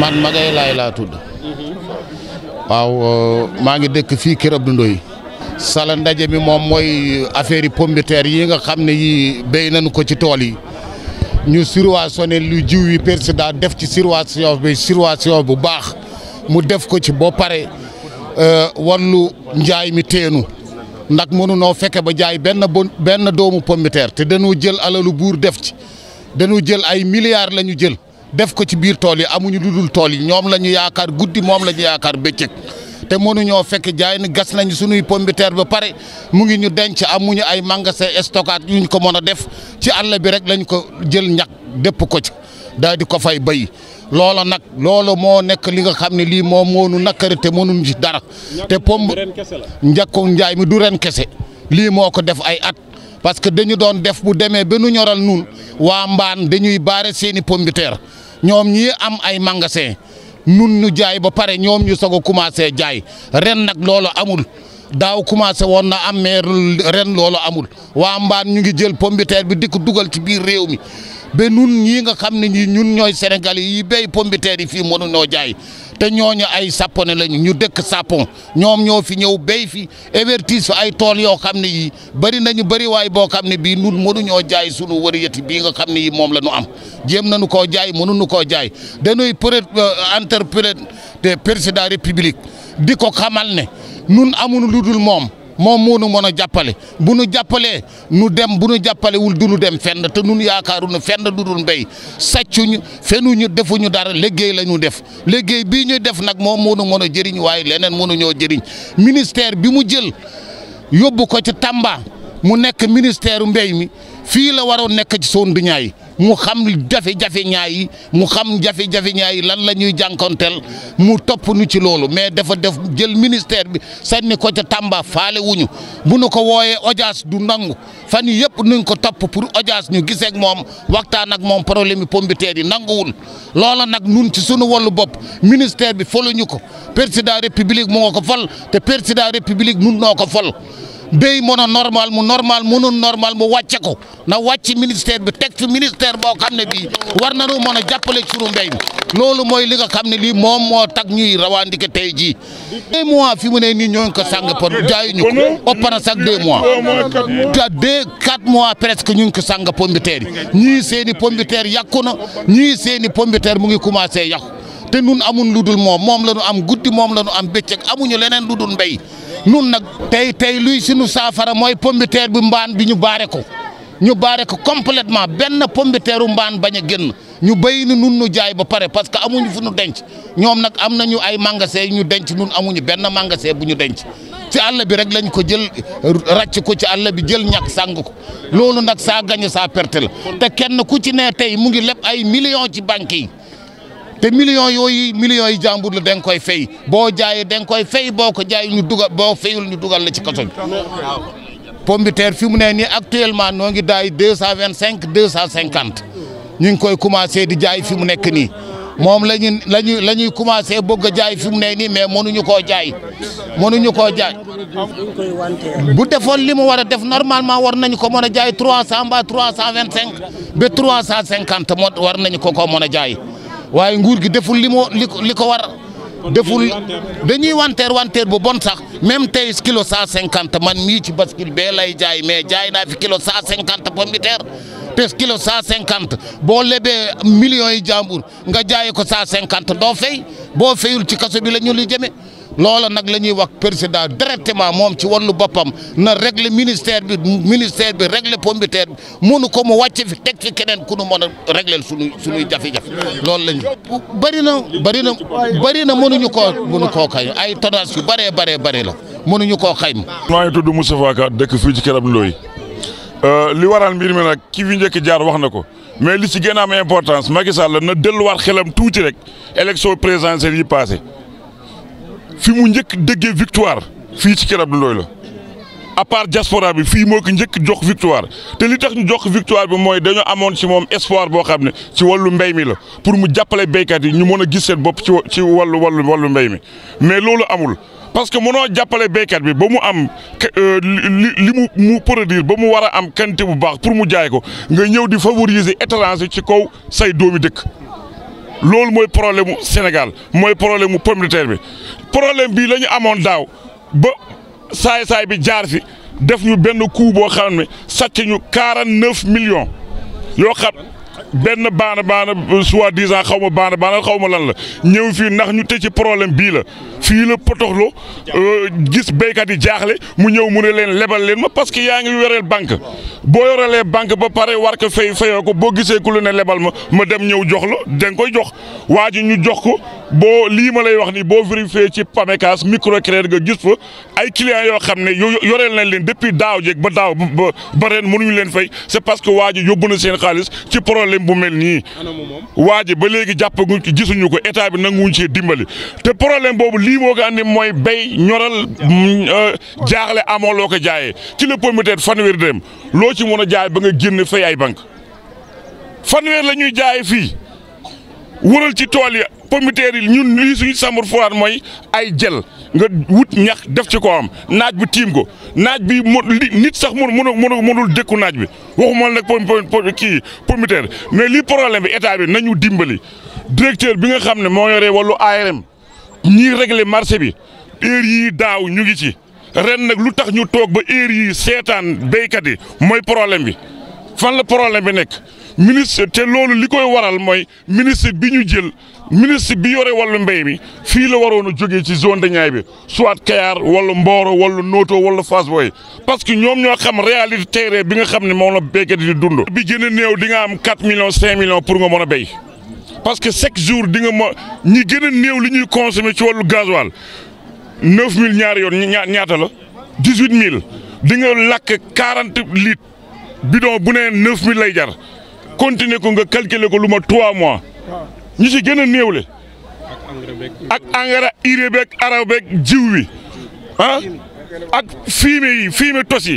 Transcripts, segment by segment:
man Magaye laa tudd waaw euh, maa ngi dëkk fii Kër Abdou Ndoye sala ndaje mi moom mooy affaire yi pomme yi nga xam ne yi béy nañu ko ci tool yi ñu surwaasone lu jiw yi président def ci surwaation bi surwaation bu baax mu def ko ci boo pare euh, wallu njaay mi teenu ndax noo fekke ba jaay benn benn doomu pomme te dañu jël alalu buur def ci dañu jël ay milliards lañu jël def ko ci biir tool yi amuñu lu dul tool yi ñoom la ñu yaakaar guddi moom la ñu yaakaar bëccëg te mënuñoo fekk jaay ni gas nañu suñuy pomme de terre ba pare mu ngi ñu denc amuñu ay magasin stockage yuñ ko mën a def ci àll bi rek lañ ko jël ñàkk dépp ko ci daal di ko fay béy loola nag loola moo nekk li nga xam ne lii moom moo nu nakkari te mënuñ ci dara. te pomme njàkku njaay mi du ren kese lii moo ko def ay at. parce que dañu doon def bu demee ba nu ñoral nun waa mbaan dañuy baare seeni pombiteer ñoom ñii am ay magasin nun ñu jaay ba pare ñoom ñu sog a commencé jaay ren nag loolu amul daaw commencé woon na am mais ren loolu amul waa mbaan ñu ngi jël pombiteer bi dikk ko dugal ci biir réew mi ba nun ñii nga xam ne ñun ñooy Sénégal yi béy pombiteer yi fii ñoo jaay te ñooñu ay sapone lañu ñu dëkk sapon ñoom ñoo fi ñëw béy fi evertis ay tool yoo xam ne yii bari nañu bëri waay boo xam ne bii nun mënuñoo jaay sunu wëriyati bii nga xam ne yii moom la ñu am jéem nañu koo jaay mënuñu koo jaay dañuy pré euh, interpellé de président république di ko xamal ne nun amuñu lu dul moom moom moo nu mën a jàppale bu nu jàppalee nu dem bu nu jàppalewul du nu dem fenn te nun yaakaaru nu fenn du dul mbéy sàccuñu fenuñu defuñu dara léggéey la ñu def liggéey bii ñu def nag moom moo nu mën a jëriñ waaye leneen mënu ñoo jëriñ ministère bi mu jël yóbbu ko ci Tamba mu nekk ministère mbéy mi fii la waroon nekk ci zone du Niayes mu xam jafe-jafe ñaay mu xam jafe-jafe ñaay yi lan la ñuy jànkonteel mu topp nu ci loolu mais dafa def jël ministère bi sànni ko ca Tamba faale wuñu bu nu ko wooyee audience du nangu fan yii yëpp nuñ ko topp pour audience ñu gisee ak moom waxtaan ak moom problème yi pombiteer yi nanguwul loola nag nun ci sunu wàllu bopp ministère bi foluñu ko président république moo ko fol te président république nun noo ko fol béy mën a normal mu normal mënul normal mu wàcce ko na wàcc ministère bi teg fi ministère boo xam ne bii war na nañu mën a jàppale suñu mbéy mi loolu mooy li nga xam ne lii moom moo tak ñuy rawandike tey jii deux mois fi mu ne nii ñoo ngi ko sàng pot jaayuñu ko ëpp na sax deux mois te deux quatre mois presque ñu ngi ko sàng pombiteer yi ñii seen i pombiteer yàqu na ñii seen i pombiteer mu ngi commencé yàqu te nun amun lu dul moom moom la ñu am guddi moom la ñu am bëccëg amuñu leneen lu dul mbéy nun nag tey tey luy suñu saafara mooy pombiteer bi mbaan bi ñu baare ko ñu baare ko complètement benn pombiteeru mbaan bañ a génn ñu béy ni nun nu jaay ba pare parce que amuñu fu nu denc ñoom nag am nañu ay magasin yu ñu denc nun amuñu benn magasin bu ñu denc ci àll bi rek lañ ko jël ràcc ko ci àll bi jël ñàkk sàng ko loolu nag saa gañ saa perte te kenn ku ci nee tey mu ngi leb ay millions ci banque yi te millions yooyu millions yi jàmbur la danga koy fay boo jaayee danga koy fay boo ko jaay ñu dugal boo fayul ñu dugal la ci kaso bi pomme fi mu ne nii actuellement noo ngi daay deux cent vingt cinq deux cent cinquante ñu ngi koy commencé di jaay fi mu nekk nii moom la ñu la ñu la ñuy commencé bëgg a jaay fi mu ne nii mais mënuñu koo jaay mënuñu koo jaay bu defoon li mu war a def normalement war nañu ko mën a jaay trois cent ba trois cent cinq ba cent cinquante moo war nañu ko koo mën a jaay. waaye nguur gi deful li moo li ko war deful dañuy wanteer wanteer bu bon sax même tey kilo cent cinquante man mii ci bascule lay jaay mais jaay naa fi kilo cent cinquante pomme de terre kilo cent cinquante boo lebee millions yi jàmbur nga jaayee ko saa cinquante doo fay boo fayul ci kaso bi la ñu li jëmee loola nag la ñuy wax président directement moom ci wàllu boppam na régler ministère bi ministère bi régler pomme de terre bi mënu ko mu wàcce fi teg fi keneen ku nu mën a régler suñuy suñuy jafe-jafe loolu la ñu bëri na bëri na bëri na mënuñu koo mënu koo kay ay tonnage yu bëree bëree bëri la mënuñu koo xayma. maa ngi tudd Moustapha Ka dëkk fii ci Kerem Ndoye euh, li waral mbir mi nag ki fi njëkk jaar wax na ko mais li si gën a am importance Macky Sall na delluwaat xelam tuuti rek élection présidentielle yi passé fi mu njëkk déggee victoire fii ci Keur Abdou Ndoye la à part diaspora fii moo ko njëkk jox victoire te li tax ñu jox victoire bi mooy dañoo amoon si moom espoir boo xam ne si wàllu mbéy mi la pour mu jàppale béykat yi ñu mën a gis seen bopp ci ci wàllu wàllu wàllu mbéy mi mais loolu amul. parce que mënoo jàppale béykat bi ba mu am euh, li mu mu produire ba mu war a am quantité bu baax pour mu jaay ko nga ñëw di favoriser étranger ci kaw say doomi dëkk. loolu mooy problème mu Sénégal mooy problème mu pomme bi problème bii lañu amoon daaw ba saay-saay bi jaar fi def ñu benn coup boo xam ne sàcc ñu quarante neuf yoo xam. benn baana baana soi-disant xaw ma baana baana xaw ma lan la ñëw fii ndax ñu tëj ci problème bii la fii la lo euh, gis béykat yi jaaxle mu ñëw mu ne leen lebal leen ma parce que yaa ngi yoreel banque boo yorelee banque ba pare war ko fay fayoo ko boo gisee ku lu ne lebal ma ma dem ñëw jox la danga koy jox waa ji ñu jox ko. boo lii ma lay wax nii boo vérifié ci PAMECAS microcrédit nga gis fa ay clients yoo xam ne yoreel nañ leen depuis daaw jeeg ba daaw ba ba ren mënuñu leen fay c'est parce que waa yóbbu na seen xaalis ci problème bu mel nii. waa ji ba léegi jàppaguñ ko gisuñu ko état bi nanguwuñ cee dimbali te problème boobu lii moo ko andi mooy béy ñoral euh, jaaxle amoo loo ko jaayee ci la pomme de terre fanweer dem loo ci mën a jaay ba nga génn fay ay banque fanweer lañuy ñuy jaayee fii ci tool ya pommiteurs yi ñun lii suñu chambre froide mooy ay jël nga wut ñax def ci ko am naaj bi tiim ko naaj bi mu nit sax mënu mënu mënul dëkku naaj bi waxuma nag pom kii pommiteur mais lii problème bi état bi nañu dimbali directeur bi nga xam ne moo yore wàllu ARM ñii régler marché bi heure yii daaw ñu ngi ci ren nag lu tax ñu toog ba heure yi seetaan béykat yi mooy problème bi fan la problème bi nekk ministre te loolu li koy waral mooy ministre bi ñu jël. ministre bi yore wàllu mbéy mi fii la waroon a jógee ci zone de Niayes bi soit Kayar wala Mboro wala nooto wala Fass Boye parce que ñoom ñoo xam réalité terrain bi nga xam ne moom la béykat yi di dund. bi gën a néew di nga am 4 millions 5 millions pour nga mën a béy parce que chaque jour di nga ma ñi gën a néew li ñuy consommer ci wàllu gasoil 9000 ñaari yoon ña ñaata la 18000 di nga lakk 40 litres bidon bu ne 9000 lay jar continuer ko nga calculer ko lu ma 3 mois. ñu si gën a néewle ak engrais urée beeg araw beeg jiw wi ah, ak fumier yi fumier tos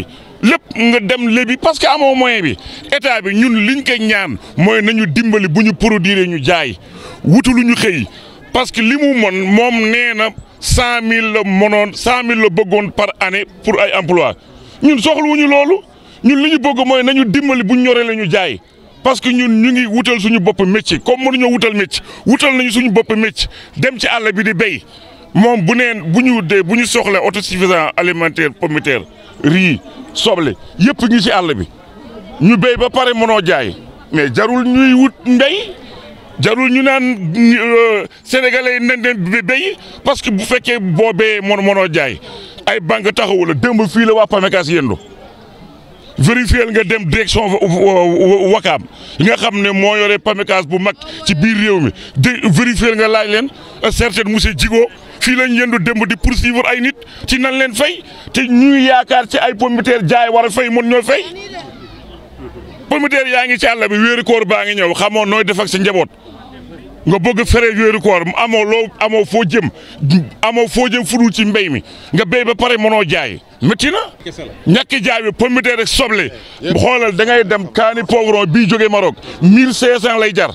lépp nga dem lébi parce que amoo moyen bi état bi ñun liñ ko ñaan mooy nañu dimbali bu ñu produire ñu jaay wutulu ñu xëy parce que li mu mon moom nee na cent mille la mënoon cent la bëggoon par année pour ay emploi ñun soxluwuñu loolu ñun li ñu bëgg mooy nañu dimbali bu ñoree la ñu jaay parce que ñun ñu ngi wutal suñu bopp métier comme mënuñoo wutal métier wutal nañu suñu bopp métier dem si àll bi di béy moom bu neen bu ñu dee bu ñu soxla autosuffisant alimentaire pommière riz soble yëpp ñu si àll bi ñu béy ba pare mënoo jaay mais jarul ñuy wut mbéy jarul ñu naan euh, sénégalais yi nañ leen béy parce que bu fekkee boo béyee mën mënoo jaay ay banque taxawul démb fii la waa PAMECAS yendu vérifier nga dem direction wakaam yi nga xam ne moo yore PAMECAS bu mag ci biir réew mi de vérifier nga laaj leen certain monsieur Djigo fii lañ yendu démb di poursuivre ay nit ci nan leen fay te ñuy yaakaar ci ay pommiteurs jaay war a fay mun ñoo fay pommiteurs yaa ngi ci àll bi weeri koor baa ngi ñëw xamoon nooy def ak sa njaboot. nga bëgg fere weeru koor amoo loo amoo foo jëm amoo foo jëm fu dul ci mbéy mi nga béy ba pare mënoo jaay métti na ñàkk jaay bi pomme de soble xoolal da ngay kaani poivron bii jógee Maroc mille cinq cent lay jar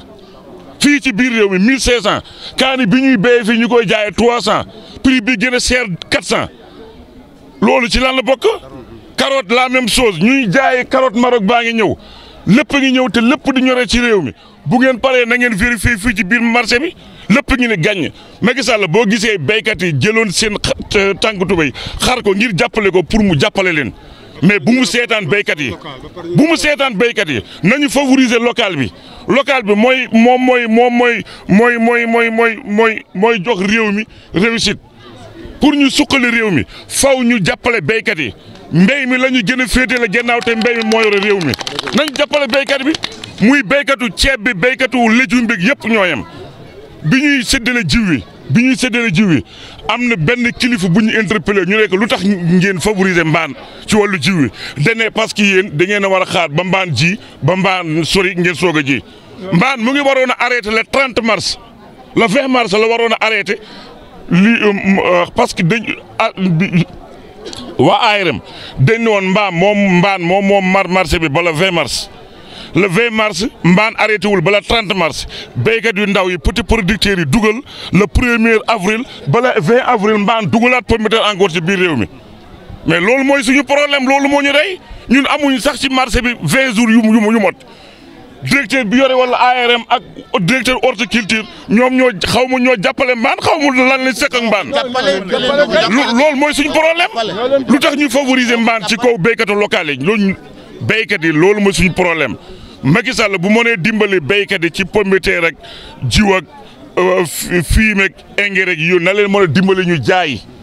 fii ci biir réew mi mille cinq cent kaani bi ñuy béyee fii ñu koy jaayee trois cent prix bi gën a cher quatre loolu ci lan la bokk carotte la même chose ñuy jaayee carotte Maroc baa ngi ñëw lépp ngi ñëw te lépp di ñoree ci réew mi bu ngeen paree na ngeen vérifier fii ci biir marché mi lépp ngi ne gàññ Macky Sall boo gisee béykat yi jëloon seen tànk tubéy xar ko ngir jàppale ko pour mu jàppale leen mais bu mu seetaan béykat yi bu mu seetaan béykat yi nañu favoriser local bi local bi mooy moom mooy moom mooy mooy mooy mooy mooy mooy mooy jox réew mi réussite pour ñu suqali réew mi faw ñu jàppale béykat yi mbéy mi la ñu gën a féete la jennaaw te mbéy mi moo yore réew mi nañ jàppale béykat bi muy béykatu ceeb bi béykatu légume bi yëpp ñoo yem bi ñuy séddale jiw wi bi ñuy séddale jiw wi am na benn kilifa bu ñu interpellé ñu ne ko lu tax ngeen favoriser mbaan ci wàllu jiw wi dane parce que yéen da a war a xaat ba mbaan ji ba mbaan sori ngeen soog a ji mbaan mu ngi waroon a arrêté le 30 mars la 20 mars la waroon a arrêté li euh, parce que dañ ah, waa ARM dañ ne woon mbaam moom mbaan moom moom mar marché bi ba le 20 mars le 20 mars mbaan arrêté wul ba le 30 mars béykat yu ndaw yi petit producteurs yi dugal le premier avril ba le 20 avril mbaan dugalaat promoteur encore ci biir réew mi mais loolu mooy suñu problème loolu moo ñu rey ñun amuñ sax ci bi 20 jours yu yu yu mot directeur bi yore wala ARM ak directeur horticulture ñoom ñoo xaw ma ñoo jàppale mbaan xaw ma lan la sekk ak mbaan. loolu mooy suñ problème lu tax ñuy favoriser mbaan ci kaw béykatu local yi loolu béykat yi loolu mooy suñu problème Macky Sall bu mënee dimbali béykat yi ci pomme de terre rek jiw ak euh, fumier ak engrais ak yooyu na leen mën dimbali ñu jaay.